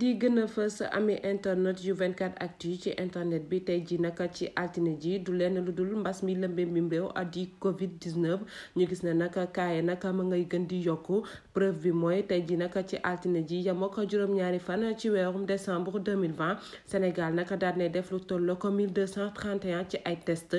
lii gën a fës amee internet yu 24 actu ci internet bi tey ji naka ci altine ji du lenn lu dul mbas mi lëmbee mbim réew di covid 19 ñu gis ne naka kaaye naka ma ngay gën di yokku preuve bi mooy tey ji naka ci altine ji yamoo ko juróom-ñaari fan ci weerum décembre 2020 Sénégal naka daal ne def lu tolloo ko 1231 ci ay test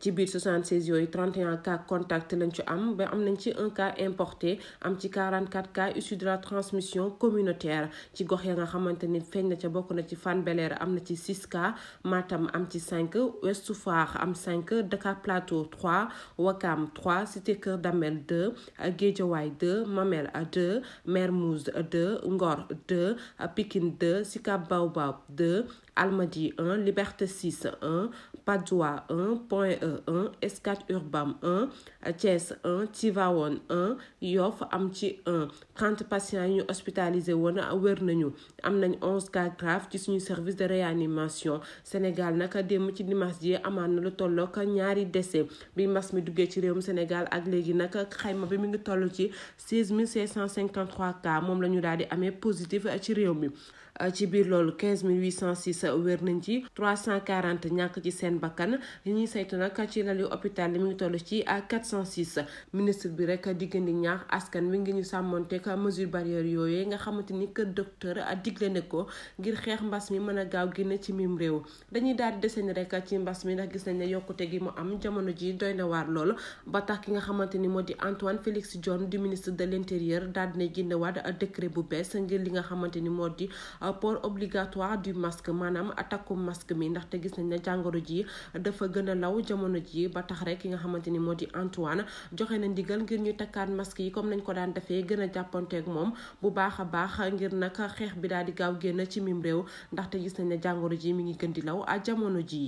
ci biir 76 yooyu 31 cas contact lañ ci am ba am nañ ci un cas importé am ci 44 cas issus de la transmission communautaire ci gox ya nga xamante ni feeñ na ca bokk na ci Fann bel am na ci 6 cas Matam am ci cinq Ouest Foire am 5 Dakar Plateau 3 Ouakam 3 Cité Keur Damel 2 Guédiawaye 2 Mamel 2 Mermoz 2 Ngor 2 Pikine 2 Sicap Baobab 2 Almadies 1 Liberté 6 1 Patte d'Oie 1 Point E 1 Scat Urbam 1 Thiès 1 Tivaouane 1 am ci 1 30 patients yi ñu hospitalisé woon wér nañu am nañ 11 cas graves ci suñu service de réanimation Sénégal naka démb ci dimanche ji amaan na lu tollook ñaari dese bi mbas mi duggee ci réewum Sénégal ak léegi naka xayma bi mu ngi toll ci 16 553 cas moom la ñu daal di amee positif ci réew mi Euh, ci biir loolu 15806 wér nañ ci 340 ñàkk ci seen bakkan li ñuy saytu nag ci lali hôpital li mu ngi toll ci à 406 ministre bi rek diggandi ñaax askan wi ngi ñu sàmmonteeg mesure barrière yooye nga xamante ni kër docteur digle ne ko ngir xeex mbas mi mën a gaaw génne ci mim réew dañuy daal di deseen rek ci mbas mi ndax gis nañ ne yokkute gi mu am jamono ji doy na waar lool ba tax ki nga xamante ni moo di Antoine Félix Diome du ministre de l' intérieur daal dina génnewaat décret bu bees ngir li nga xamante ni moo di Euh, pour obligatoire du masque maanaam takku masque mi ndaxte gis nañ ne jàngoro ji dafa gën a law jamono ji ba tax rek ki nga xamante ni moo di Antoine joxe na ndigal ngir ñu takkaat masque yi comme nañ ko daan defee gën a jàppanteeg moom bu baax a baax ngir nag xeex bi daal di gaaw génn ci mim réew ndaxte gis nañ ne jàngoro ji mi ngi gën di law ak jamono ji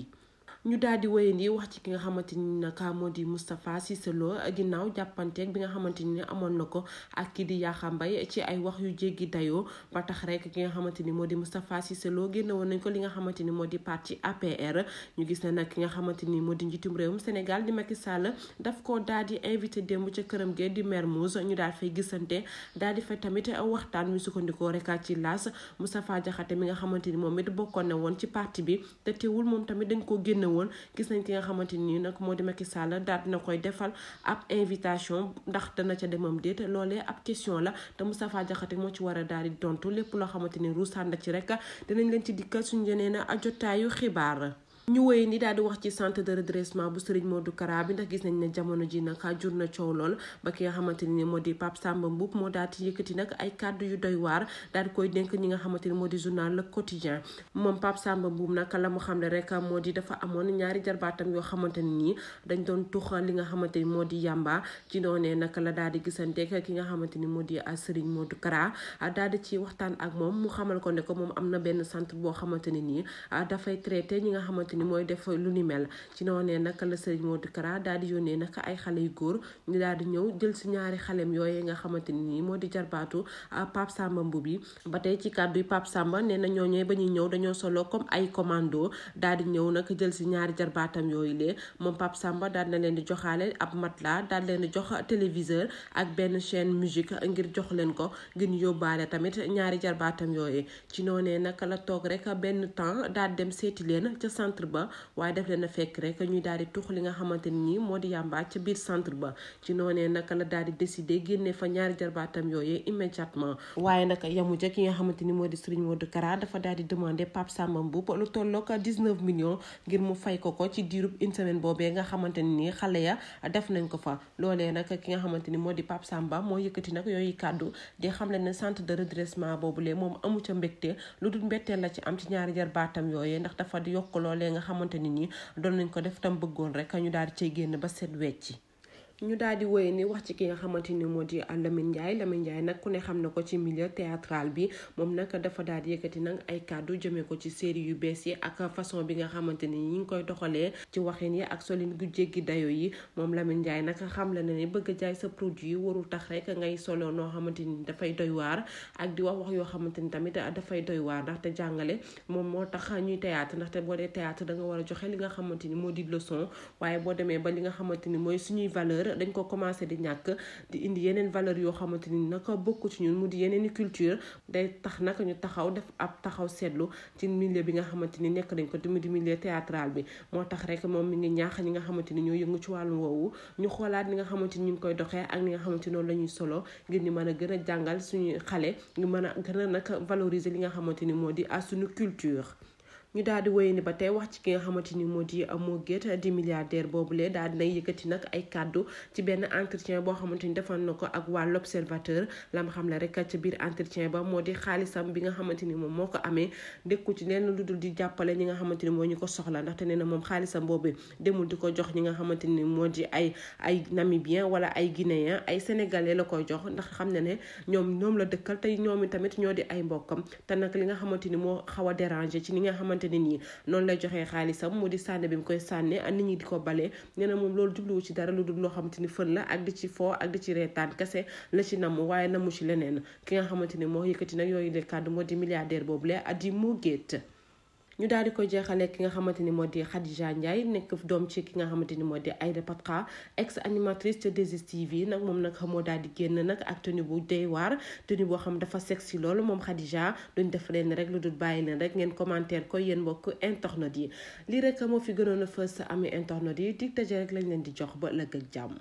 ñu daal di wéyandi wax ci ki nga xamante ni naka moo di Moustapha Cissé Lo ginnaaw jàppanteeg bi nga xamante ni amoon na ko ak ki di Yaxa Mbaye ci ay wax yu jéggi dayoo ba tax rekk ki nga xamante ni moo di Moustapha Cissé Lo génne woon nañ ko li nga xamante ni moo di parti APR ñu gis ne nag ki nga xamante ni moo di njiitum réewum Sénégal di Macky Sall daf ko daal di invité démb ca këram ge di Mermoz ñu daal fay gisante daal di fay tamit waxtaan mu sukkandikoo rek ci laas Moustapha Diakhaté mi nga xamante ni moom it bokkoon na woon ci parti bi te teewul moom tamit dañ ko génn woon gis nañ ki nga xamante nii nag moo di Macky Sall daal dina koy defal ab invitation ndax dana ca demam déet loole ab question la te Moustapha Diakhaté moo ci war a daal di dontu lépp loo xamante ni ruusaan na ci rek dinañ leen ci dikkal suñu na a jotaayu xibaar. ñu woy ni daal di wax ci centre de redressement bu Serigne Modou Kara bi ndax gis nañ ne jamono ji nag jur na coow lool ba ki nga xamante moo di Pape Samba Mboup moo daal di yëkkati nag ay kàddu yu doy waar daal di koy dénk ñi nga xamante moom Pape Samba Mboup nag la mu xamle moo di dafa amoon ñaari jarbaatam yoo xamante ni dañ doon tux li nga xamante ni moo di yàmba ci noonee naka la daal di gisanteeg ki nga xamante ni moo di Serigne Modou Kara daal di ci waxtaan ak moom mu xamal ko ne ko moom am na benn centre boo xamante ne nii dafay traité ñi nga xamante xamante ni mooy def lu ni mel ci noonee nag la moo Modou Kara daal di yónnee nag ay xale yu góor ñu daal di ñëw jël si ñaari xalem yooyee nga xamante ni moo di jarbaatu ah, Pape Samba Mboup yi ba tey ci kàddu yi Pape Samba nee na ñooñee ba ñuy ñëw dañoo solo comme ay commando daal di ñëw nag jël si ñaari jarbaatam yooyu lee moom Pape Samba daal na leen di joxaale ab matelas daal leen di jox téléviseur ak benn chaîne musique ngir jox leen ko ngir yóbbaale tamit ñaari jarbaatam yooyu ci noonee nag la toog rek benn temps daal dem seeti leen centre ba waaye daf leen a fekk rek ñuy daal di tux li nga xamante ni moo di yàmba ca biir centre ba ci noonee naka la daal di décider génne fa ñaari jarbaatam yooyee immédiatement waaye naka yamu ki nga xamante ni moo di Serigne Modou moo yëkkati nag yooyu kàddu di xamle ne centre de redressement boobule moom amu ca mbégte lu dul mbetteel la ci am ci ñaari jarbaatam yooyee ndax dafa yokk loolee nga xamante ni nii doon nañ ko def tam bëggoon rek ñu daal di cay génn ba seet wecci ñu daal di woye ni wax ci ki nga xamante ni moo di Lamine Ndiaye Lamine Ndiaye nag ku ne xam na ko ci milieu théâtral bi moom nag dafa daal di yëkkati nag ay jëmee ko ci série yu bees yi ak façon bi nga xamante ni ñi ngi koy doxalee ci waxin yi ak solin gu jéggi dayo yi moom Lamine Ndiaye nag xam la na ne bëgg jaay sa produit warul tax rek ngay solo noo xamante ni dafay doy waar ak di wax wax yoo xamante ni tamit dafay doy waar ndaxte jàngale moom moo tax ñuy théâtre ndaxte boo dee théâtre da nga war a joxe li nga xamante ni moo di leçon waaye boo demee ba li nga xamante ni mooy suñuy valeur dañ ko commencé di ñàkk di indi yeneen valeur yoo xamante ni naka bokk ci ñun mu di yeneen i culture day tax naka ñu taxaw def ab taxaw seetlu ci milieu bi nga xamante ni nekk dañ ko te mu di milieu théâtral bi moo tax rek moom mi ngi ñaax ñi nga xamante ni ñoo yëngu ci wàllu woowu ñu xoolaat ni nga xamante ni ñu ngi koy doxee ak ni nga xamante noonu la solo ngir ñu mën a gën a jàngal suñu xale ñu mën a gën a nag valoriser li nga xamante ni moo di à suñu culture ñu daal di wéy ni ba tey wax ci ki nga xamante ni moo di moo géet di milliardaire boobule daal di nay yëkkati nag ay kàddu ci benn entretien boo xamante ni defoon na ko ak waa l'observateur lam xam la rek ci biir ba moo di xaalisam bi nga xamante ni moom moo ko amee dékku ci lenn lu dul di jàppale ñi nga xamante ni moo ñu ko soxla ndaxte nee na moom xaalisam boobu demul di ko jox ñi nga xamante ni moo di ay ay namibien wala ay guinéen ay sénégalais la koy jox ndax xam na ne ñoom ñoom la dëkkal tey ñoom i tamit ñoo di ay mbokkam te nag li nga xamante ni moo xaw a ci ni nga xamante te nit ñi noonu lay joxee xaalisam mu di sànni bi mu koy sànni nit ñi di ko bale nee na moom loolu jubluwu ci dara lu dul loo xamante ni fën la ak di ci foo ak di ci reetaan kese la ci nam waaye namu ci leneen ki nga xamante ni moo yëkkati nag yooyu le kàddu moo di milliardaire boobu le at yi mu gétt ñu daal di koy jeexalee ki nga xamante ni moo di Khadija Ndiaye nekk doom ci ki nga xamante ni moo di Aïda Patra ex animatrice de 2 yi nag moom nag moo daal di génn nag ak tenue bu day waar tenue boo xam dafa sexy loolu moom Khadija duñ def leen rek lu dul bàyyi leen rek ngeen commentaire ko yéen mbokk internet yi lii rek moo fi gënoon a fës amee internet yi dig daje rek lañ leen di jox ba ëllëg ak jàmm